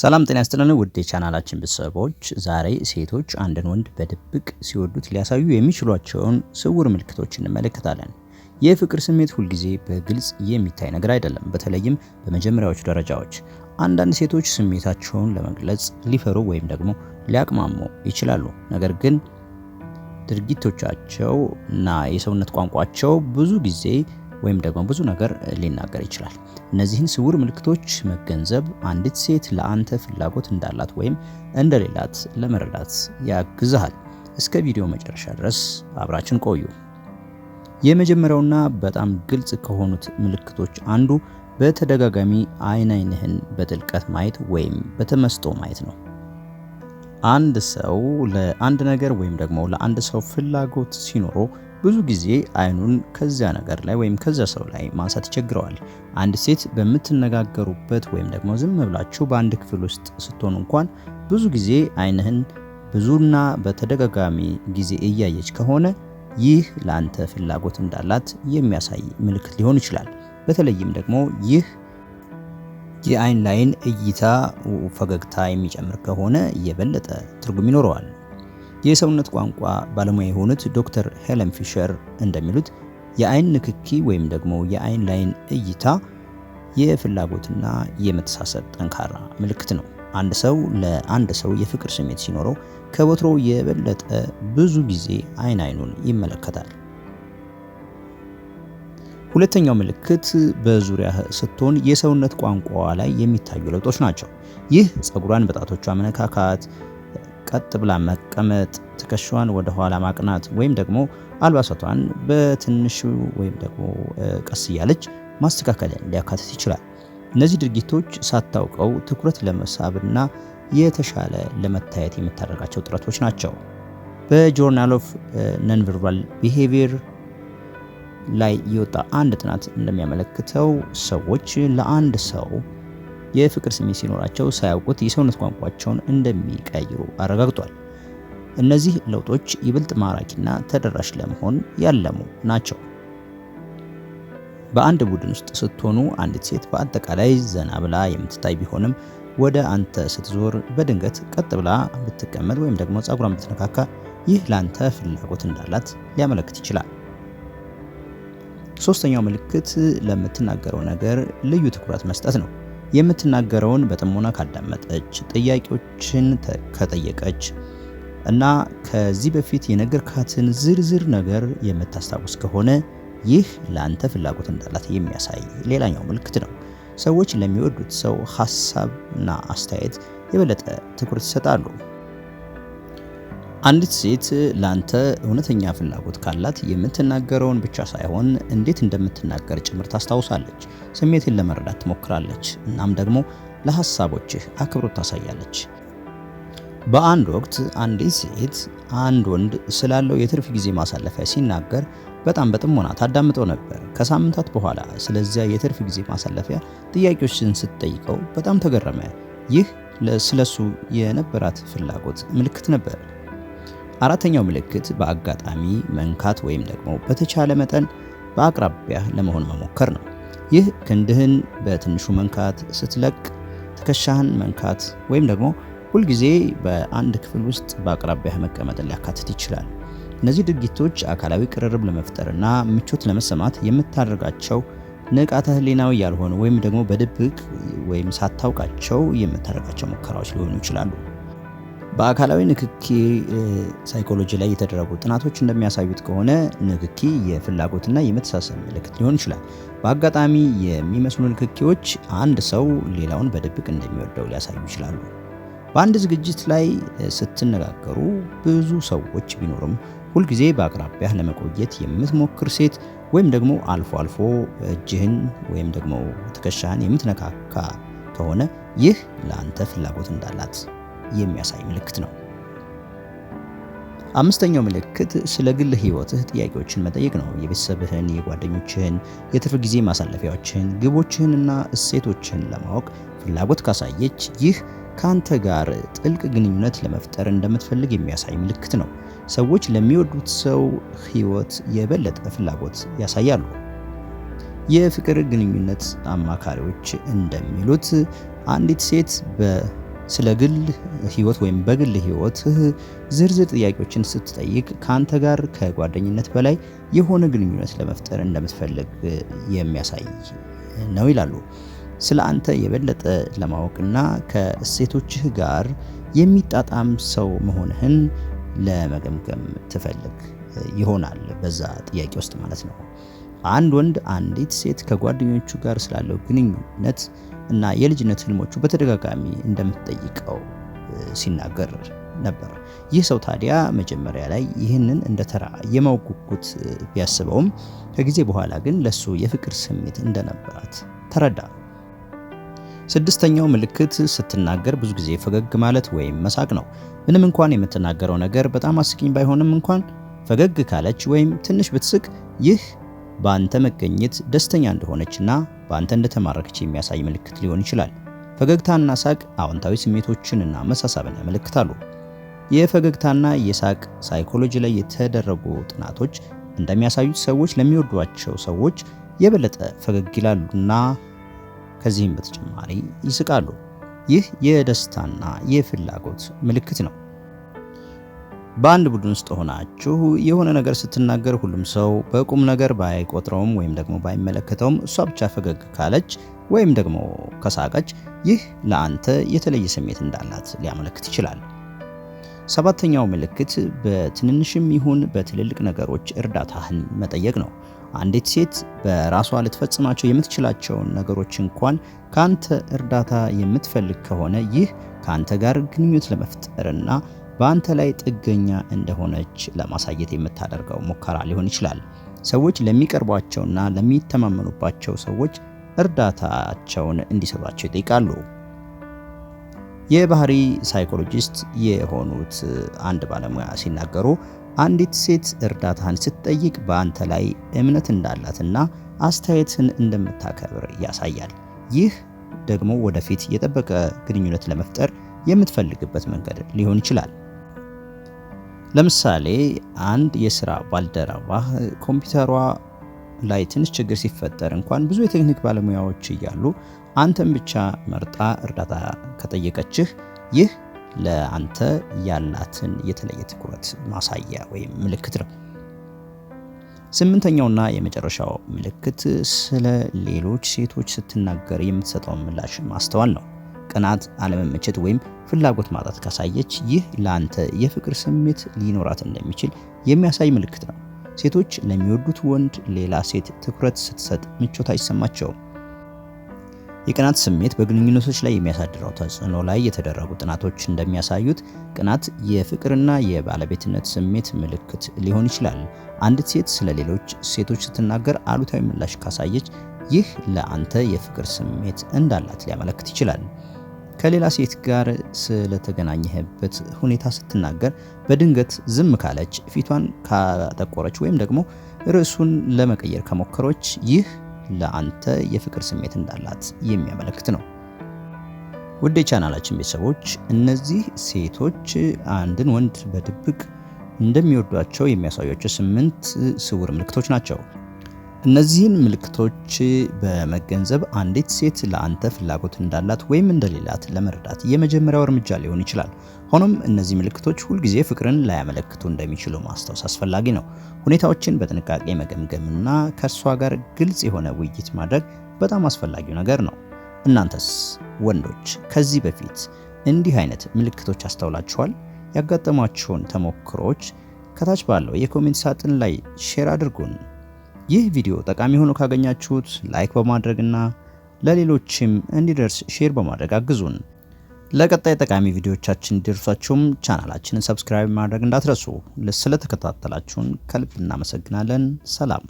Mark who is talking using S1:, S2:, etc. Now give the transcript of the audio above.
S1: ሰላም ጤና ይስጥልን ውድ የቻናላችን ቤተሰቦች፣ ዛሬ ሴቶች አንድን ወንድ በድብቅ ሲወዱት ሊያሳዩ የሚችሏቸውን ስውር ምልክቶች እንመለከታለን። የፍቅር ስሜት ሁልጊዜ በግልጽ የሚታይ ነገር አይደለም፣ በተለይም በመጀመሪያዎቹ ደረጃዎች። አንዳንድ ሴቶች ስሜታቸውን ለመግለጽ ሊፈሩ ወይም ደግሞ ሊያቅማሙ ይችላሉ። ነገር ግን ድርጊቶቻቸው እና የሰውነት ቋንቋቸው ብዙ ጊዜ ወይም ደግሞ ብዙ ነገር ሊናገር ይችላል። እነዚህን ስውር ምልክቶች መገንዘብ አንዲት ሴት ለአንተ ፍላጎት እንዳላት ወይም እንደሌላት ለመረዳት ያግዝሃል። እስከ ቪዲዮ መጨረሻ ድረስ አብራችን ቆዩ። የመጀመሪያውና በጣም ግልጽ ከሆኑት ምልክቶች አንዱ በተደጋጋሚ አይን አይንህን በጥልቀት ማየት ወይም በተመስጦ ማየት ነው። አንድ ሰው ለአንድ ነገር ወይም ደግሞ ለአንድ ሰው ፍላጎት ሲኖረው ብዙ ጊዜ አይኑን ከዚያ ነገር ላይ ወይም ከዚያ ሰው ላይ ማንሳት ይቸግረዋል። አንድ ሴት በምትነጋገሩበት ወይም ደግሞ ዝም ብላችሁ በአንድ ክፍል ውስጥ ስትሆኑ እንኳን ብዙ ጊዜ አይንህን ብዙና በተደጋጋሚ ጊዜ እያየች ከሆነ ይህ ለአንተ ፍላጎት እንዳላት የሚያሳይ ምልክት ሊሆን ይችላል። በተለይም ደግሞ ይህ የአይን ላይን እይታ ፈገግታ የሚጨምር ከሆነ የበለጠ ትርጉም ይኖረዋል። የሰውነት ቋንቋ ባለሙያ የሆኑት ዶክተር ሄለን ፊሸር እንደሚሉት የአይን ንክኪ ወይም ደግሞ የአይን ላይን እይታ የፍላጎትና የመተሳሰብ ጠንካራ ምልክት ነው። አንድ ሰው ለአንድ ሰው የፍቅር ስሜት ሲኖረው ከወትሮ የበለጠ ብዙ ጊዜ አይን አይኑን ይመለከታል። ሁለተኛው ምልክት በዙሪያ ስትሆን የሰውነት ቋንቋዋ ላይ የሚታዩ ለውጦች ናቸው። ይህ ፀጉሯን በጣቶቿ መነካካት፣ ቀጥ ብላ መቀመጥ፣ ትከሻዋን ወደ ኋላ ማቅናት ወይም ደግሞ አልባሳቷን በትንሹ ወይም ደግሞ ቀስ እያለች ማስተካከልን ሊያካትት ይችላል። እነዚህ ድርጊቶች ሳታውቀው ትኩረት ለመሳብና የተሻለ ለመታየት የምታደርጋቸው ጥረቶች ናቸው። በጆርናል ኦፍ ነንቨርባል ቢሄቪየር ላይ የወጣ አንድ ጥናት እንደሚያመለክተው ሰዎች ለአንድ ሰው የፍቅር ስሜት ሲኖራቸው ሳያውቁት የሰውነት ቋንቋቸውን እንደሚቀይሩ አረጋግጧል። እነዚህ ለውጦች ይበልጥ ማራኪና ተደራሽ ለመሆን ያለሙ ናቸው። በአንድ ቡድን ውስጥ ስትሆኑ አንዲት ሴት በአጠቃላይ ዘና ብላ የምትታይ ቢሆንም ወደ አንተ ስትዞር በድንገት ቀጥ ብላ ብትቀመጥ ወይም ደግሞ ጸጉሯን ብትነካካ ይህ ለአንተ ፍላጎት እንዳላት ሊያመለክት ይችላል። ሶስተኛው ምልክት ለምትናገረው ነገር ልዩ ትኩረት መስጠት ነው። የምትናገረውን በጥሞና ካዳመጠች፣ ጥያቄዎችን ከጠየቀች እና ከዚህ በፊት የነገርካትን ዝርዝር ነገር የምታስታውስ ከሆነ ይህ ለአንተ ፍላጎት እንዳላት የሚያሳይ ሌላኛው ምልክት ነው። ሰዎች ለሚወዱት ሰው ሀሳብና አስተያየት የበለጠ ትኩረት ይሰጣሉ። አንዲት ሴት ላንተ እውነተኛ ፍላጎት ካላት የምትናገረውን ብቻ ሳይሆን እንዴት እንደምትናገር ጭምር ታስታውሳለች። ስሜትን ለመረዳት ትሞክራለች፣ እናም ደግሞ ለሐሳቦችህ አክብሮት ታሳያለች። በአንድ ወቅት አንዲት ሴት አንድ ወንድ ስላለው የትርፍ ጊዜ ማሳለፊያ ሲናገር በጣም በጥሞና ታዳምጠው ነበር። ከሳምንታት በኋላ ስለዚያ የትርፍ ጊዜ ማሳለፊያ ጥያቄዎችን ስትጠይቀው በጣም ተገረመ። ይህ ስለሱ የነበራት ፍላጎት ምልክት ነበር። አራተኛው ምልክት በአጋጣሚ መንካት ወይም ደግሞ በተቻለ መጠን በአቅራቢያ ለመሆን መሞከር ነው። ይህ ክንድህን በትንሹ መንካት፣ ስትለቅ ትከሻህን መንካት ወይም ደግሞ ሁልጊዜ በአንድ ክፍል ውስጥ በአቅራቢያ መቀመጥን ሊያካትት ይችላል። እነዚህ ድርጊቶች አካላዊ ቅርርብ ለመፍጠርና ምቾት ለመሰማት የምታደርጋቸው ንቃተ ህሊናዊ ያልሆኑ ወይም ደግሞ በድብቅ ወይም ሳታውቃቸው የምታደርጋቸው ሙከራዎች ሊሆኑ ይችላሉ። በአካላዊ ንክኪ ሳይኮሎጂ ላይ የተደረጉ ጥናቶች እንደሚያሳዩት ከሆነ ንክኪ የፍላጎትና የመተሳሰብ ምልክት ሊሆን ይችላል። በአጋጣሚ የሚመስሉ ንክኪዎች አንድ ሰው ሌላውን በድብቅ እንደሚወደው ሊያሳዩ ይችላሉ። በአንድ ዝግጅት ላይ ስትነጋገሩ ብዙ ሰዎች ቢኖርም ሁልጊዜ በአቅራቢያ ለመቆየት የምትሞክር ሴት ወይም ደግሞ አልፎ አልፎ እጅህን ወይም ደግሞ ትከሻህን የምትነካካ ከሆነ ይህ ለአንተ ፍላጎት እንዳላት የሚያሳይ ምልክት ነው። አምስተኛው ምልክት ስለ ግል ህይወትህ ጥያቄዎችን መጠየቅ ነው። የቤተሰብህን፣ የጓደኞችህን፣ የትርፍ ጊዜ ማሳለፊያዎችህን፣ ግቦችህንና እሴቶችህን ለማወቅ ፍላጎት ካሳየች ይህ ከአንተ ጋር ጥልቅ ግንኙነት ለመፍጠር እንደምትፈልግ የሚያሳይ ምልክት ነው። ሰዎች ለሚወዱት ሰው ህይወት የበለጠ ፍላጎት ያሳያሉ። የፍቅር ግንኙነት አማካሪዎች እንደሚሉት አንዲት ሴት በ ስለ ግል ህይወት ወይም በግል ህይወት ዝርዝር ጥያቄዎችን ስትጠይቅ ከአንተ ጋር ከጓደኝነት በላይ የሆነ ግንኙነት ለመፍጠር እንደምትፈልግ የሚያሳይ ነው ይላሉ። ስለ አንተ የበለጠ ለማወቅና ከእሴቶችህ ጋር የሚጣጣም ሰው መሆንህን ለመገምገም ትፈልግ ይሆናል በዛ ጥያቄ ውስጥ ማለት ነው። አንድ ወንድ አንዲት ሴት ከጓደኞቹ ጋር ስላለው ግንኙነት እና የልጅነት ህልሞቹ በተደጋጋሚ እንደምትጠይቀው ሲናገር ነበር። ይህ ሰው ታዲያ መጀመሪያ ላይ ይህንን እንደ ተራ የማወቅ ጉጉት ቢያስበውም ከጊዜ በኋላ ግን ለሱ የፍቅር ስሜት እንደነበራት ተረዳ። ስድስተኛው ምልክት ስትናገር ብዙ ጊዜ ፈገግ ማለት ወይም መሳቅ ነው። ምንም እንኳን የምትናገረው ነገር በጣም አስቂኝ ባይሆንም እንኳን ፈገግ ካለች ወይም ትንሽ ብትስቅ ይህ በአንተ መገኘት ደስተኛ እንደሆነችና በአንተ እንደተማረከች የሚያሳይ ምልክት ሊሆን ይችላል። ፈገግታና ሳቅ አዎንታዊ ስሜቶችንና መሳሳብን ያመለክታሉ። የፈገግታና የሳቅ ሳይኮሎጂ ላይ የተደረጉ ጥናቶች እንደሚያሳዩት ሰዎች ለሚወዷቸው ሰዎች የበለጠ ፈገግ ይላሉና ከዚህም በተጨማሪ ይስቃሉ። ይህ የደስታና የፍላጎት ምልክት ነው። በአንድ ቡድን ውስጥ ሆናችሁ የሆነ ነገር ስትናገር ሁሉም ሰው በቁም ነገር ባይቆጥረውም ወይም ደግሞ ባይመለከተውም እሷ ብቻ ፈገግ ካለች ወይም ደግሞ ከሳቀች ይህ ለአንተ የተለየ ስሜት እንዳላት ሊያመለክት ይችላል። ሰባተኛው ምልክት በትንንሽም ይሁን በትልልቅ ነገሮች እርዳታህን መጠየቅ ነው። አንዲት ሴት በራሷ ልትፈጽማቸው የምትችላቸውን ነገሮች እንኳን ከአንተ እርዳታ የምትፈልግ ከሆነ ይህ ከአንተ ጋር ግንኙነት ለመፍጠርና በአንተ ላይ ጥገኛ እንደሆነች ለማሳየት የምታደርገው ሙከራ ሊሆን ይችላል። ሰዎች ለሚቀርቧቸውና ለሚተማመኑባቸው ሰዎች እርዳታቸውን እንዲሰጧቸው ይጠይቃሉ። የባህሪ ሳይኮሎጂስት የሆኑት አንድ ባለሙያ ሲናገሩ አንዲት ሴት እርዳታህን ስትጠይቅ በአንተ ላይ እምነት እንዳላትና አስተያየትን እንደምታከብር ያሳያል። ይህ ደግሞ ወደፊት የጠበቀ ግንኙነት ለመፍጠር የምትፈልግበት መንገድ ሊሆን ይችላል። ለምሳሌ አንድ የስራ ባልደረባ ኮምፒውተሯ ላይ ትንሽ ችግር ሲፈጠር እንኳን ብዙ የቴክኒክ ባለሙያዎች እያሉ አንተን ብቻ መርጣ እርዳታ ከጠየቀችህ ይህ ለአንተ ያላትን የተለየ ትኩረት ማሳያ ወይም ምልክት ነው። ስምንተኛውና የመጨረሻው ምልክት ስለ ሌሎች ሴቶች ስትናገር የምትሰጠውን ምላሽ ማስተዋል ነው። ቅናት፣ አለመመቸት ወይም ፍላጎት ማጣት ካሳየች ይህ ለአንተ የፍቅር ስሜት ሊኖራት እንደሚችል የሚያሳይ ምልክት ነው። ሴቶች ለሚወዱት ወንድ ሌላ ሴት ትኩረት ስትሰጥ ምቾት አይሰማቸውም። የቅናት ስሜት በግንኙነቶች ላይ የሚያሳድረው ተጽዕኖ ላይ የተደረጉ ጥናቶች እንደሚያሳዩት ቅናት የፍቅርና የባለቤትነት ስሜት ምልክት ሊሆን ይችላል። አንዲት ሴት ስለ ሌሎች ሴቶች ስትናገር አሉታዊ ምላሽ ካሳየች ይህ ለአንተ የፍቅር ስሜት እንዳላት ሊያመለክት ይችላል። ከሌላ ሴት ጋር ስለተገናኘህበት ሁኔታ ስትናገር በድንገት ዝም ካለች፣ ፊቷን ካጠቆረች ወይም ደግሞ ርዕሱን ለመቀየር ከሞከሮች ይህ ለአንተ የፍቅር ስሜት እንዳላት የሚያመለክት ነው። ውድ የቻናላችን ቤተሰቦች እነዚህ ሴቶች አንድን ወንድ በድብቅ እንደሚወዷቸው የሚያሳዩቸው ስምንት ስውር ምልክቶች ናቸው። እነዚህን ምልክቶች በመገንዘብ አንዲት ሴት ለአንተ ፍላጎት እንዳላት ወይም እንደሌላት ለመረዳት የመጀመሪያው እርምጃ ሊሆን ይችላል። ሆኖም እነዚህ ምልክቶች ሁልጊዜ ፍቅርን ላያመለክቱ እንደሚችሉ ማስታወስ አስፈላጊ ነው። ሁኔታዎችን በጥንቃቄ መገምገምና ከእርሷ ጋር ግልጽ የሆነ ውይይት ማድረግ በጣም አስፈላጊው ነገር ነው። እናንተስ ወንዶች ከዚህ በፊት እንዲህ አይነት ምልክቶች አስተውላችኋል? ያጋጠሟቸውን ተሞክሮዎች ከታች ባለው የኮሜንት ሳጥን ላይ ሼር አድርጉን። ይህ ቪዲዮ ጠቃሚ ሆኖ ካገኛችሁት ላይክ በማድረግና ለሌሎችም እንዲደርስ ሼር በማድረግ አግዙን። ለቀጣይ ጠቃሚ ቪዲዮዎቻችን እንዲደርሷችሁም ቻናላችንን ሰብስክራይብ ማድረግ እንዳትረሱ። ስለተከታተላችሁን ከልብ እናመሰግናለን። ሰላም